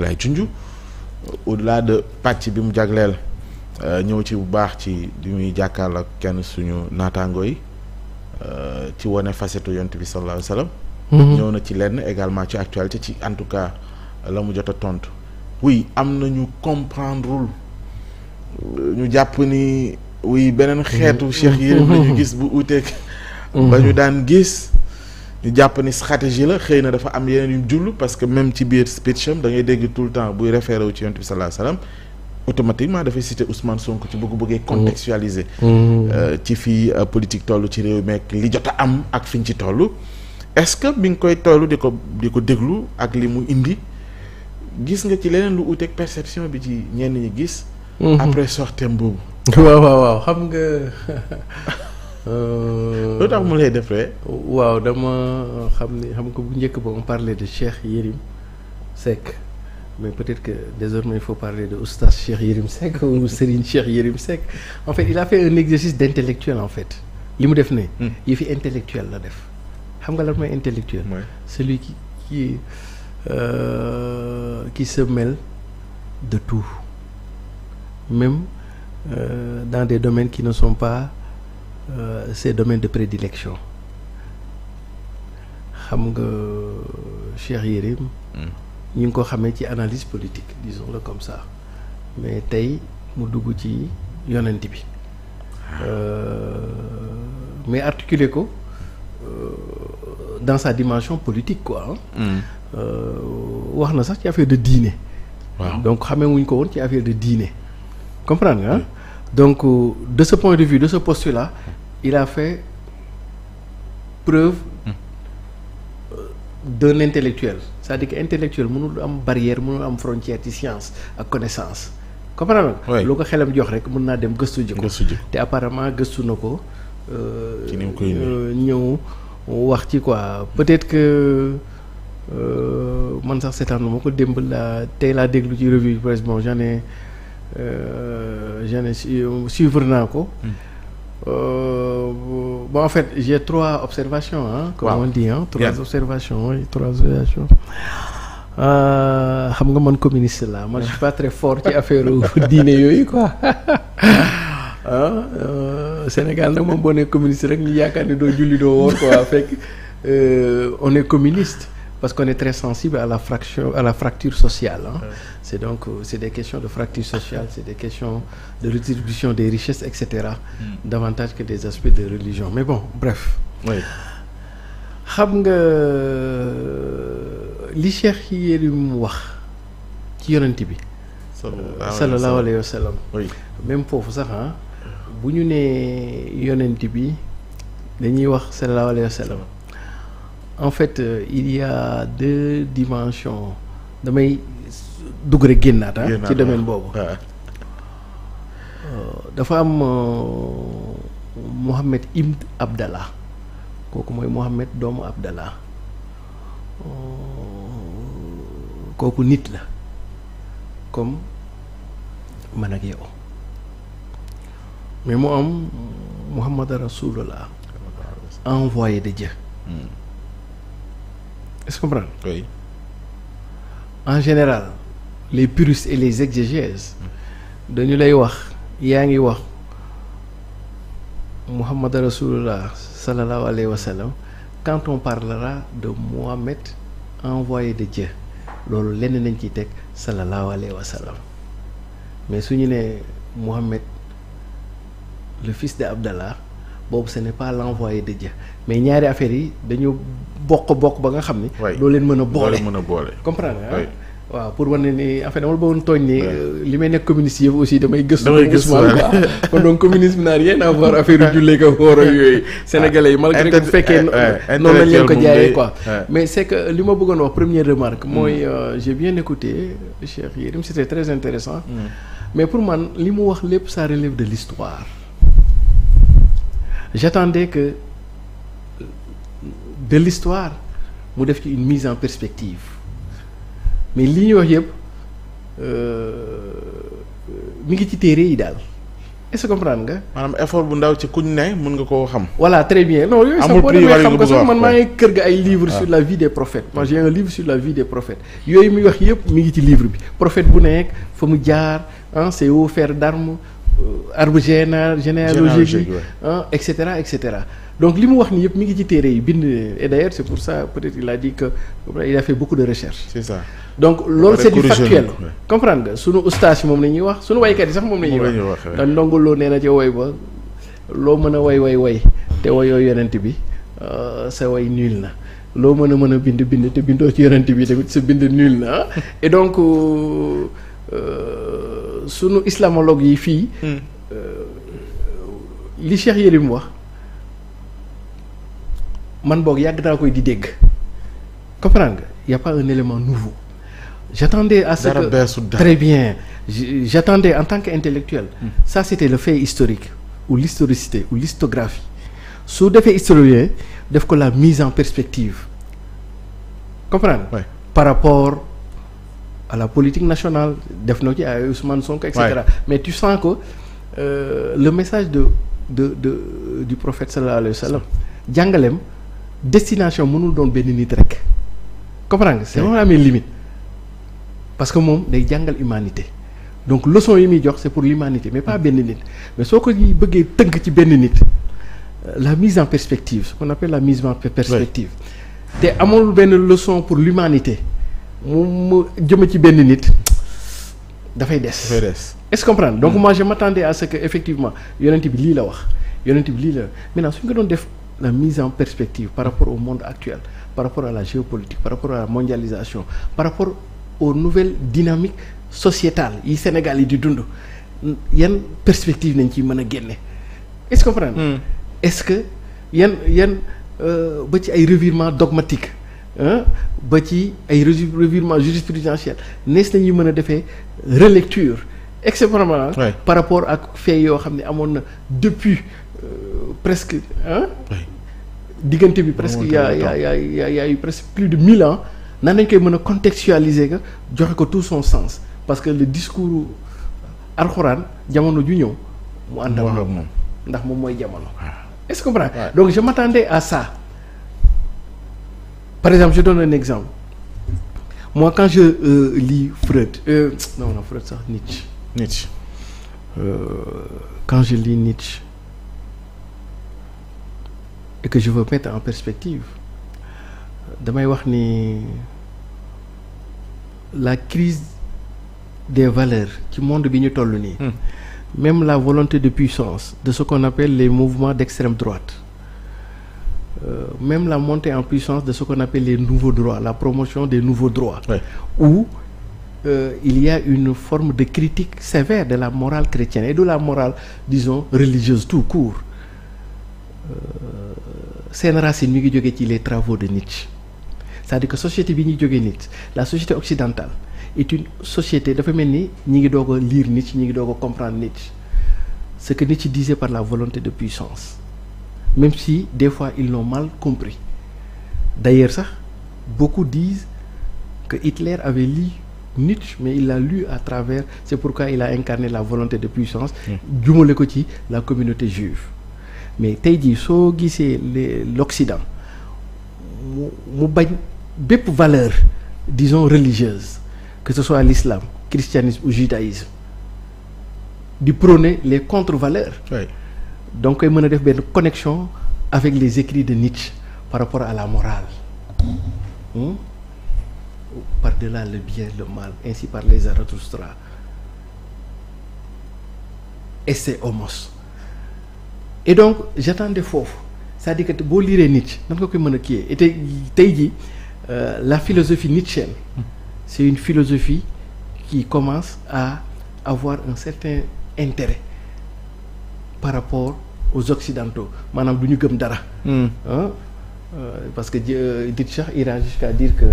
lay junj au-delà de pàcc bi mu jagleel euh, ñëw ci bu baax ci li muy kenn suñu naataangoo yi euh, ci wone facette yonent bi sallallahu alayhi wasallam mm-hmm. ñëw na ci lenn également ci actualité ci en tout cas la mu jot tontu. oui am na ñu comprendrewul ñu jàpp ni oui beneen mm-hmm. xeetu Cheikh Yérim la mm-hmm. gis bu uteeg ba ñu daan gis ñu jàpp ni stratégie la xëy na dafa am yeneen yu mu jullu parce que même ci biir speech am da dégg tout le temps buy référé wu ci yonent bi sallallahu alayhi wasallam automatiquement dafay citer Ousmane Sonko ci bëgg bëggee contextualiser mm. Mm. Euh, ci fii euh, politique tollu ci réew meek li jot a am ak fiñ ci toll est-ce que bi nga koy toll di ko di ko déglu ak li mu indi gis nga ci leneen lu uuteeg perception bi ci ñenn ñi gis mm-hmm. après sortem boobu waaw nga Euh, loo tax ma lay def rek waaw dama xam ne xam ko bu njëkk ba on parlait de Cheikh Yérim Seck mais peut-être que désormais il faut parler de Oustaz Cheikh Yérim Seck ou Serigne Cheikh Yérim Seck en fait il a fait un exercice d'intellectuel en fait li mu def ne hmm. yi fi intellectuel la def xam nga la mooy intellectuel celui qui qui euh, qui se mêle de tout même euh, dans des domaines qui ne sont pas ses euh, domaines de prédilection xam nga Cheikh Yérim hmm. ñu ngi ko xamee ci analyse politique disons-le comme ça mais tey mu dugg ci yonent bi ah. euh, mais articuler ko euh, dans sa dimension politique quoi hmm. wax na sax ci affaire de diine waaw donc xamee wuñ ko woon ci affaire de diine comprendre nga hmm. donc de ce point de vue de ce postulat il a fait preuve hmm. euh, d'un intellectuel c'est-à-dire que intellectuel mënul am barrière mënul am frontière ci science ak connaissance comprendre nga lu ko xelam jox rek mën naa dem gëstu ji ko te apparemment gëstu na ko euh, euh, ñëw wax ci quoi peut-être que man sax seetaan ma ko démb laa tey laa déglu ci revue bi presque bon j'en ai suivre naa ko hmm. Euh, bon, en fait, j'ai trois observations, hein, comme wow. on trois Bien. observations, oui, trois observations. Euh, xam nga man communiste la man je suis pas très fort ci affaire diine yooyu quoi ah Sénégal nag moom boo ne communiste rek ñu yaakaar ne doo julli doo woor quoi fekk euh, on communiste. parce qu'on est très sensible à la fraction à la fracture sociale hein. c'est donc c'est des questions de fracture sociale c'est de questions de redistribution de richesses etc mm. davantage que des aspects de religion mais bon bref xam nga li Cheikh mu wax ci yonent bi sallallahu alayhi wa sallam même foofu sax ah bu ñu nee yonent bi dañuy wax sallallahu alayhi wa en fait euh, il y a deux damay dugg rek génnaat ah ci domaine boobu euh, dafa am euh, Mohamed Ibn Abdallah kooku mooy Mohamed doomu Abdallah euh, kooku nit la comme man ak yow mais mu am Muhammad Rasulullah envoyé de Dieu est en général les puristes et les exégèses dañu lay wax yaa ngi wax Muhammad Rasulullah sallallahu alayhi wa sallam quand on parlera de Mohammed envoyé de Dieu loolu lenn nañ ciy teg sallallahu alayhi wa sallam mais su ñu nee Mohammed le fils de Abdallah boobu ce n'est pas l'envoyé de Dieu mais ñaari affaires yi dañu bokk bokk ba nga xam ni. doo leen mën a boole mën a boole. comprendre waaw pour wane ni en fait dama tooñ ni euh, li may nekk communiste yëpp aussi damay gëstu Ousmane quoi kon donc communisme n'a rien à voir affaire yu jullee ko wóor ak yooyu ah. sénégalais yi malgré bu fekkee eh, eh, noonu lañ ko jaayee quoi eh. mais c'est que li ma bëggoon wax première remarque mm. mooy euh, j'ai bien écouté Cheikh Yérim c'était très intéressant mm. mais pour man li mu wax lépp ça relève de l'histoire j'attendais que euh, de l'histoire mu def ci une mise en perspective mais li ñuy wax yëpp euh, euh, mi ngi ci téere yi daal est-ce que nga. maanaam effort bu ndaw ci kuñ ne mën nga koo xam. voilà très bien non yooyu sax boo demee xam ko sax man maa ngi kër ga ay livres ah. sur la vie des prophètes. moi j'ai un livre sur la vie des prophètes yooyu muy wax yëpp mi ngi ci livre bi prophète bu nekk fa mu jaar ah ses hauts faits d'armes Euh, arbre général généalogique ah cetera et cetera donc li mu wax ni yëpp mi ngi ci téere yi bind et pour ça peut-être il a dit que il a fait donc loolu c'est du factuel comprendre sunu ustaas moom la ñuy wax sunu waykat yi sax moom la ñuy wax ndax ndongo loo nee na ca woy ba loo mën a woy woy woy te woyoo yonent bi euh, sa woy nul na loo mën a mën a bind bind te bindoo ci yonent bi tamit sa bind nul na et donc euh, sunu islamologue yi fii. Hmm. Euh, li Cheikh Yérim wax man boog yàgg naa koy di dégg comprendre nga y' a pas un élément nouveau. j'attendais à ce que très bien j'attendais en tant que mm. ça c'était le fait historique ou l'historicité ou l'histographie su defee historien def ko la mise en perspective comprendre par rapport à la politique nationale def na ci ay Ousmane Sonko et cetera ouais. mais tu sens que euh, le message de de de du prophète sallallahu alayhi wa sallam jàngaleem destination mënul doon benn nit rek comprendre nga c'est vraiment amee limite parce que moom day jàngal humanité donc leçon yi muy jox c'est pour l'humanité mais pas benn nit mais soo ko bëggee tënk ci benn nit euh, la mise en perspective ce qu'on appelle la mise en perspective te amul benn leçon pour l'humanité mu mu jëm ci benn nit dafay des. dafay des est-ce comprendre donc hmm. moi je m'attendais à ce que effectivement yonent bi lii la wax yonent bi lii la maintenant suñ ko doon def la mise en perspective par rapport au monde actuel par rapport à la géopolitique par rapport à la mondialisation par rapport aux nouvelles dynamiques sociétales yi Sénégal yi di dund yan perspective nañ ci mën a génne est-ce hmm. est-ce que yan yan euh, ba ci ay revirement dogmatique ba ci ay revirement jurisprudentiel nees nañu mën a defee relecture exceptionnellement par rapport ak fait yoo xam ne amoon na depuis euh, presque ah diggante bi presque yaa yaa yaa yaa yu presque plus de mille ans nan nañ koy mën a contextualiser nga joxe ko tout son sens parce que le discours alxuraan jamono ju ñëw mu ànd ak moom ndax moom mooy jamono ah. est-ce que vous comprenez donc je m'attendais à ça par exemple je donne un exemple moi quand je euh, lis Freud euh, non non Freud nit Nietzsche. Euh, quand je lis Nietzsche et que je veux mettre en perspective damay wax ni la crise des valeurs ci monde bi ñu toll nii. Hmm. même la volonté de puissance de ce qu'on appelle les mouvements d'extrême droite. euh, même la montée en puissance de ce qu'on appelle les nouveaux droits, la promotion des nouveaux droits, ouais. où euh, il y a une forme de critique sévère de la morale chrétienne et de la morale, dison religieuse tout court. Euh, seen racine mi ngi jógee ci les travaux de nit c'est-à-dire que société bi ñu jógee Nietzsche la société occidentale est une société dafa mel ni ñu ngi doog a lire Nietzsche ñu ngi doog ko comprendre Nietzsche ce que ci disait par la volonté de puissance même si des fois ils l'ont mal compris d'ailleurs sax beaucoup disent que Hitler avait lu Nietzsche mais il l'a lu à travers c'est pourquoi il a incarné la volonté de puissance hmm. jumale ko ci la communauté juive mais tey jii soo gisee l'Occident mu mu bañ bépp valeur disons religieuse que ce soit l'islam christianisme ou judaïsme di prôner les contre-valeurs donc koy mën a def benn connexion avec les écrits de Nietzsche par rapport à la morale hmm? par-delà le bien le mal par les Zarathustra esse homos et donc j'attendais foofu cest à boo liiree nit Nietzsche nan nga koy mën a kiyee et tey tey jii euh, la philosophie nietzschienne c'est une philosophie ki commence à avoir un certain intérêt par rapport aux occidentaux maanaam du ñu gëm dara. Hmm. Ah, euh, parce que Dilshah euh, il ira jusqu'à dire que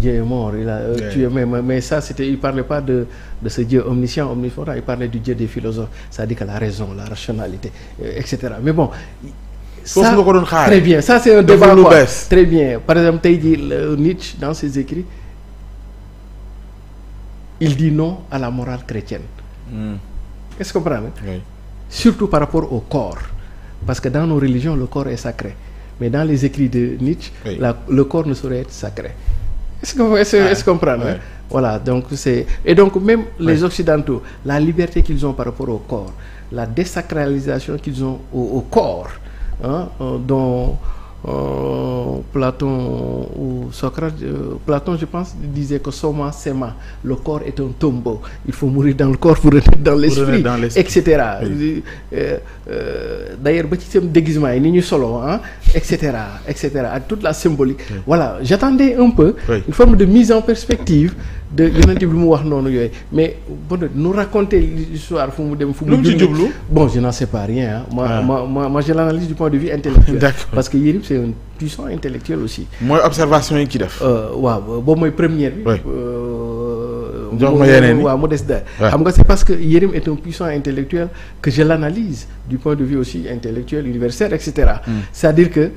Dieu est mort il a euh, mais ça c'était il parlait pas de de ce Dieu omniscient omnipotent il parlait du Dieu des philosophes cest dire que la raison la rationalité et cetera mais bon. foofu nga ko doon xaar très bien ça c'est un débat quoi très par exemple tey jii Nietzsche dans ses écrits il dit non à la morale chrétienne. Hmm. est-ce que vous comprenez. surtout par rapport au corps parce que dans nos religions le corps est sacré mais dans les écrits de Nietzsche la, le corps ne saurait sacré est-ce que ah, comprendre voilà donc c'est et donc même les occidentaux la liberté qu'ils ont par rapport au corps la désacralisation qu'ils ont au, au corps euh, Oh, Platon ou Socrate, euh, Platon, je pense, disait que soma sema, le corps est un tombeau. Il faut mourir dans le corps pour renaître dans l'esprit, etc. Oui. Euh, euh, D'ailleurs, petit déguisement, il solo, hein, etc., etc. À toute la symbolique. Oui. Voilà, j'attendais un peu oui. une forme de mise en perspective. de yonent bi lu mu wax noonu yooyu mais bon nu raconter fu mu dem fu mu lu mu jublu bon je n'en sais pas rien ah ma ma ma ma je du point de vue intellectuel parce que Yérim c'est un puissant intellectuel aussi mooy observation yi ci def euh, waaw boobu mooy première bi euh, jox ma waaw mu des daal xam nga c'est parce que Yérim est un puissant intellectuel que je l'analyse du point de vue aussi intellectuel universitaire et cetera hmm. c'est-à-dire que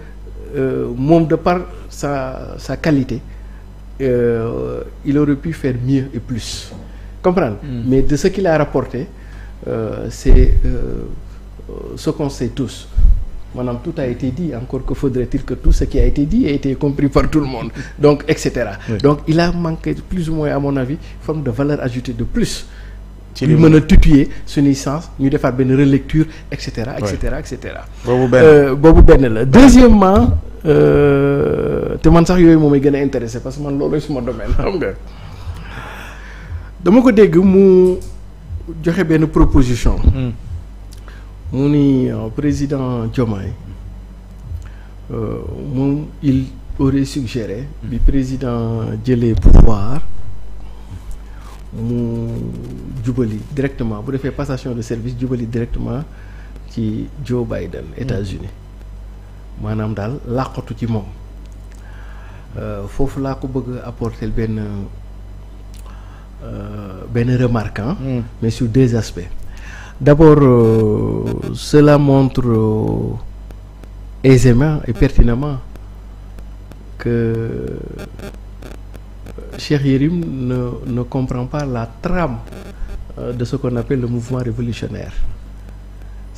euh, moom de par sa sa qualité euh, il aurait pu faire mieux et plus comprendre hmm. mais de ce qu'il a rapporté euh, c'est euh, ce qu'on sait tous maanaam tout a été dit encore que faudrait-il que tout ce qui a été dit ait été compris par tout le monde donc et cetera oui. donc il a manqué plus ou moins à avis forme de valeur ajoutée de plus ci mën a tutuer suñuy sens ñu defaat benn relecture et cetera et cetera et cetera boobu benn euh, la deuxièmement euh, te man sax yooyu moom may gën a intéressé parce que man loolu suma domaine xam nga dama ko dégg mu joxe benn proposition hmm. mu ni euh, président Diomaye moom il aurait suggéré hmm. bi président jëlee pouvoir mu jubali directement bu defee passation de service jubali directement ci Joe Biden États-Unis maanaam daal làqatu ci moom euh, foofu laa ko bëgg apporter benn euh, benn remarque hmm. mais sur deux aspects d'abord euh, cela montre euh, aisément et pertinemment que Cheikh Yérim ne ne comprend pas la trame euh, de ce qu'on appelle le mouvement révolutionnaire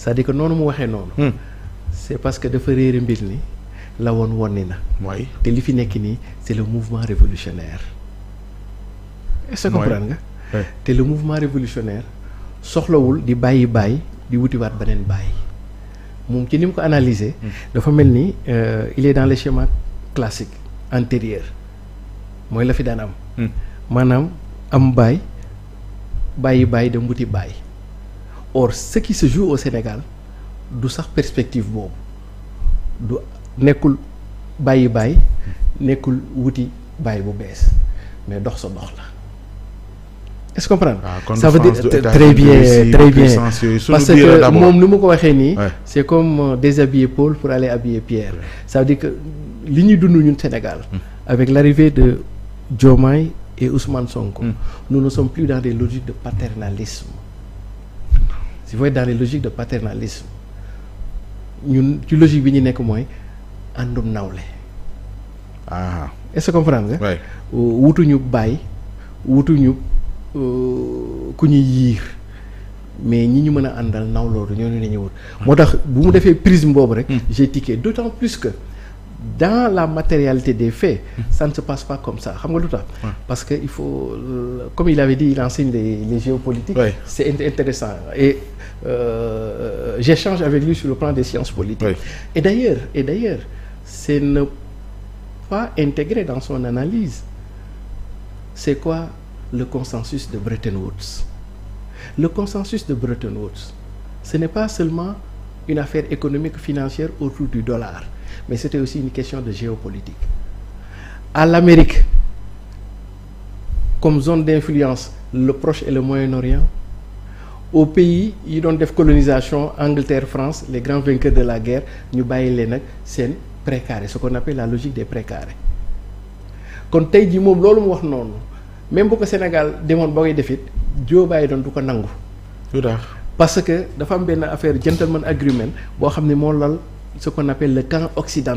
que noonu mu waxee noonu hmm. c'est parce que dafa réere ni la woon na waay te li fi nekk nii c'est le mouvement révolutionnaire est-ce que comprendre nga te le mouvement révolutionnaire soxlawul di bàyyi bàyyi di wutiwaat beneen bàyyi moom ci ni mu ko analyser hmm. dafa mel ni euh, il est dans les schémas classiques antérieurs mooy la fi daan am. Hmm. maanaam am baay bàyyi bàyyi dem wuti baay or ce qui se joue au Sénégal du sax perspective boobu du nekkul bàyyi bàyyi nekkul wuti bàyyi bu bees mais dox sa dox la est-ce comprendre ah, ça veut dire très bien très bien parce que moom ni mu ko waxee nii c'est comme euh, déshabiller Paul pour aller habiller Pierre ça veut dire que li ñuy dund ñun Sénégal hmm. avec l'arrivée de jomaay et Ousmane Sonko. Mm. nous ne sommes plus dans des logiques de paternalisme. si vous êtes dans des logiques de paternalisme ñun ci logique bi ñu nekk mooy àndum nawle. ah est-ce que comprendre nga. waay euh, wutuñu bàyyi wutuñu euh, ku ñuy yiir mais ñi ñu mën a àndal nawloodu ñoo la ñu wut. moo tax bu mu defee prisme boobu rek. Mm. j'ai tiqué d'autant plus que. dans la matérialité des faits mm-hmm. ça ne se passe pas comme xam nga lu tax parce que il faut euh, comme il avait dit il enseigne les, les géopolitiques oui. c'est intéressant et euh, euh, j'échange avec lui sur le plan des sciences politiques oui. et d'ailleurs et d'ailleurs c'est ne pas intégrer dans son analyse c'est quoi le consensus de Bretton Woods le consensus de Bretton Woods ce n'est pas seulement une affaire économique financière autour du dollar mais c'était aussi une question de géopolitique à amérique comme zone d'influence le Proche et le Moyen-Orient aux pays yi doon def colonisation Angleterre France les grands vainqueurs de la guerre ñu bàyyi leen nag seen précaré ce qu'on appelle la logique des précarés kon tey jii moom loolu mu wax noonu même bu ko Sénégal demoon ba koy defit Joe doon du ko nangu. lu parce que dafa am benn affaire gentleman agreement boo xam ne moo lal. ce qu'on appelle le camp occidental